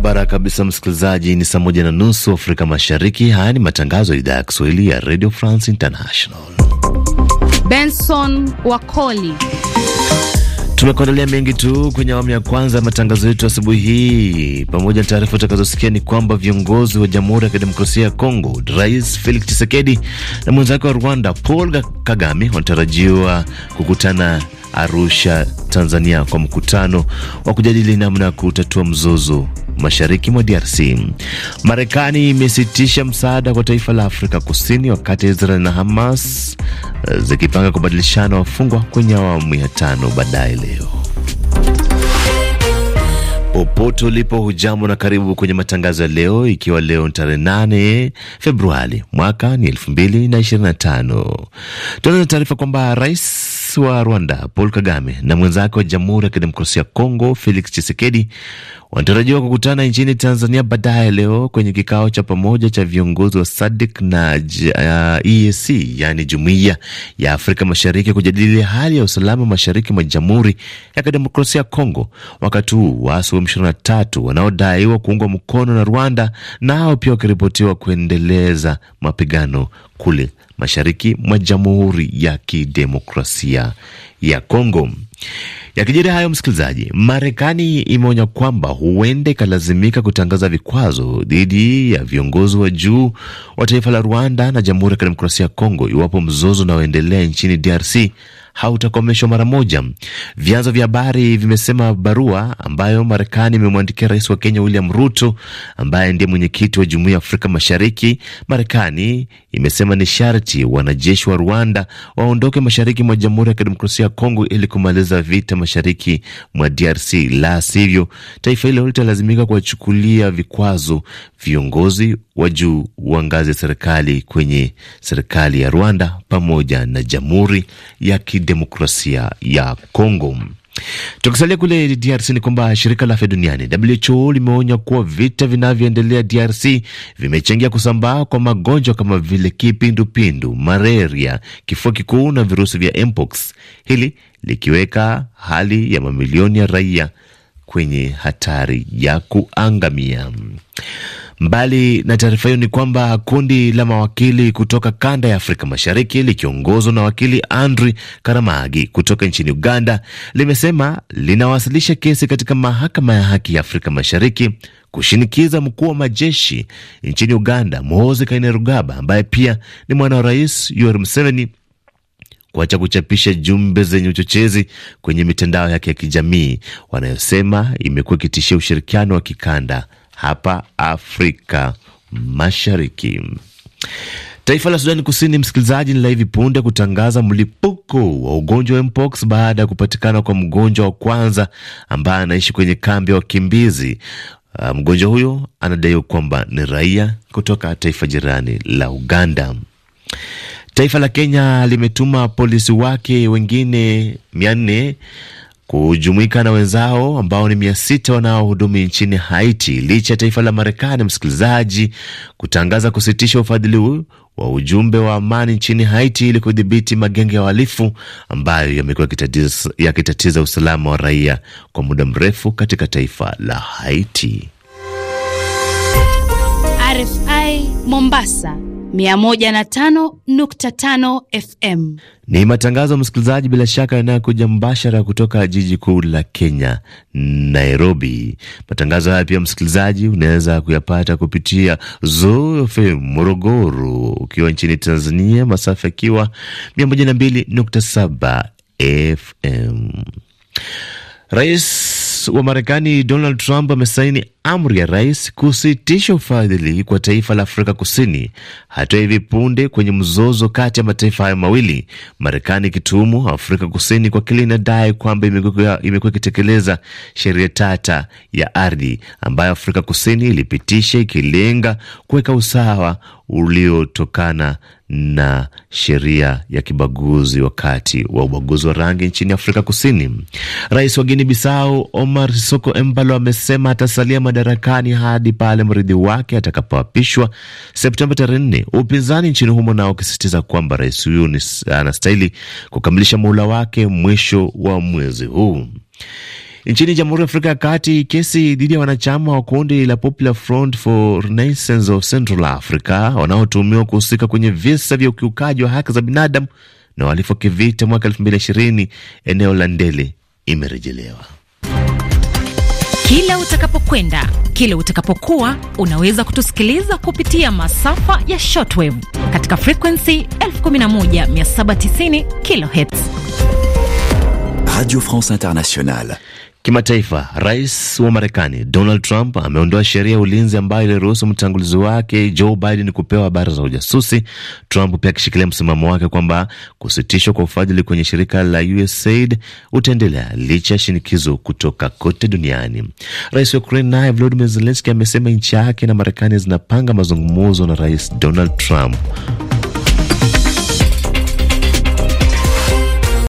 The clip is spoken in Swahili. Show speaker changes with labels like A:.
A: Barabara kabisa, msikilizaji. Ni saa moja na nusu Afrika Mashariki. Haya ni matangazo ya idhaa ya Kiswahili ya Radio France International. Benson Wakoli tumekuandalia mengi tu kwenye awamu ya kwanza ya matangazo yetu asubuhi hii. Pamoja na taarifa utakazosikia ni kwamba viongozi wa Jamhuri ya Kidemokrasia ya Kongo, Rais Felix Tshisekedi na mwenzake wa Rwanda Paul Kagame wanatarajiwa kukutana Arusha, Tanzania, kwa mkutano wa kujadili namna ya kutatua mzozo mashariki mwa DRC. Marekani imesitisha msaada kwa taifa la Afrika Kusini, wakati Israel na Hamas eh, zikipanga kubadilishana wafungwa kwenye awamu ya tano baadaye leo. Popote ulipo, hujambo na karibu kwenye matangazo ya leo, ikiwa leo tarehe 8 Februari mwaka ni 2025. Tunaanza taarifa kwamba rais wa Rwanda Paul Kagame na mwenzake wa Jamhuri ya Kidemokrasia ya Kongo Felix Tshisekedi wanatarajiwa kukutana nchini Tanzania baadaye leo kwenye kikao cha pamoja cha viongozi wa SADC na uh, EAC yaani Jumuiya ya Afrika Mashariki kujadili hali ya usalama mashariki mwa Jamhuri ya Kidemokrasia ya Kongo, wakati huu waasi wa M23 wanaodaiwa kuungwa mkono na Rwanda nao pia wakiripotiwa kuendeleza mapigano kule mashariki mwa Jamhuri ya Kidemokrasia ya Kongo. Yakijiri hayo, msikilizaji, Marekani imeonya kwamba huenda ikalazimika kutangaza vikwazo dhidi ya viongozi wa juu wa taifa la Rwanda na Jamhuri ya Kidemokrasia ya Kongo iwapo mzozo unaoendelea nchini DRC hautakomeshwa mara moja. Vyanzo vya habari vimesema barua ambayo Marekani imemwandikia rais wa Kenya William Ruto, ambaye ndiye mwenyekiti wa Jumuiya ya Afrika Mashariki, Marekani imesema ni sharti wanajeshi wa Rwanda waondoke mashariki mwa Jamhuri ya Kidemokrasia ya Kongo ili kumaliza vita mashariki mwa DRC, la sivyo taifa hilo litalazimika kuwachukulia vikwazo viongozi wa juu wa ngazi ya serikali kwenye serikali ya Rwanda pamoja na Jamhuri ya Kidemokrasia ya Kongo. Tukisalia kule DRC ni kwamba shirika la afya duniani WHO limeonya kuwa vita vinavyoendelea DRC vimechangia kusambaa kwa magonjwa kama vile kipindupindu, malaria, kifua kikuu na virusi vya mpox, hili likiweka hali ya mamilioni ya raia kwenye hatari ya kuangamia. Mbali na taarifa hiyo, ni kwamba kundi la mawakili kutoka kanda ya Afrika Mashariki likiongozwa na wakili Andri Karamagi kutoka nchini Uganda limesema linawasilisha kesi katika mahakama ya haki ya Afrika Mashariki kushinikiza mkuu wa majeshi nchini Uganda Muhoozi Kainerugaba ambaye pia ni mwana wa Rais Yoweri Museveni kuacha kuchapisha jumbe zenye uchochezi kwenye mitandao yake ya kijamii wanayosema imekuwa ikitishia ushirikiano wa kikanda hapa Afrika Mashariki. Taifa la Sudani Kusini, msikilizaji, ni la hivi punde kutangaza mlipuko wa ugonjwa wa mpox baada ya kupatikana kwa mgonjwa wa kwanza ambaye anaishi kwenye kambi ya wa wakimbizi. Ah, mgonjwa huyo anadaiwa kwamba ni raia kutoka taifa jirani la Uganda. Taifa la Kenya limetuma polisi wake wengine mia nne kujumuika na wenzao ambao ni mia sita wanaohudumu nchini Haiti licha ya taifa la Marekani, msikilizaji, kutangaza kusitisha ufadhili wa ujumbe wa amani nchini Haiti ili kudhibiti magenge ya uhalifu ambayo yamekuwa yakitatiza usalama wa raia kwa muda mrefu katika taifa la Haiti. RFI Mombasa 105.5 FM. Ni matangazo msikilizaji, bila shaka yanayokuja mbashara kutoka jiji kuu la Kenya, Nairobi. Matangazo haya pia, msikilizaji, unaweza kuyapata kupitia Zoo FM Morogoro. Ukiwa nchini Tanzania, masafa yakiwa 102.7 FM. Rais wa Marekani Donald Trump amesaini amri ya rais kusitisha ufadhili kwa taifa la Afrika Kusini, hatua hivi punde kwenye mzozo kati ya mataifa hayo mawili, Marekani ikituhumu Afrika Kusini kwa kile inadai kwamba imekuwa ikitekeleza sheria tata ya ardhi ambayo Afrika Kusini ilipitisha ikilenga kuweka usawa uliotokana na sheria ya kibaguzi wakati wa ubaguzi wa rangi nchini Afrika Kusini. Rais wa Guinea Bissau Omar Sissoko Embalo amesema atasalia madarakani hadi pale mrithi wake atakapoapishwa Septemba tarehe nne, upinzani nchini humo nao ukisisitiza kwamba rais huyu anastahili kukamilisha muhula wake mwisho wa mwezi huu. Nchini Jamhuri ya Afrika ya Kati, kesi dhidi ya wanachama wa kundi la Popular Front for Renaissance of Central Africa wanaotuhumiwa kuhusika kwenye visa vya ukiukaji wa haki za binadamu na uhalifu wa kivita mwaka 2020 eneo la Ndele imerejelewa. Kila utakapokwenda, kila utakapokuwa, unaweza kutusikiliza kupitia masafa ya shortwave katika frequency 11790 kilohertz. Radio France international Kimataifa, rais wa Marekani Donald Trump ameondoa sheria ya ulinzi ambayo iliruhusu mtangulizi wake Joe Biden kupewa habari za ujasusi, Trump pia akishikilia msimamo wake kwamba kusitishwa kwa ufadhili kwenye shirika la USAID utaendelea licha ya shinikizo kutoka kote duniani. Rais wa Ukraine naye Volodymyr zelenski amesema nchi yake na Marekani zinapanga mazungumuzo na rais Donald Trump.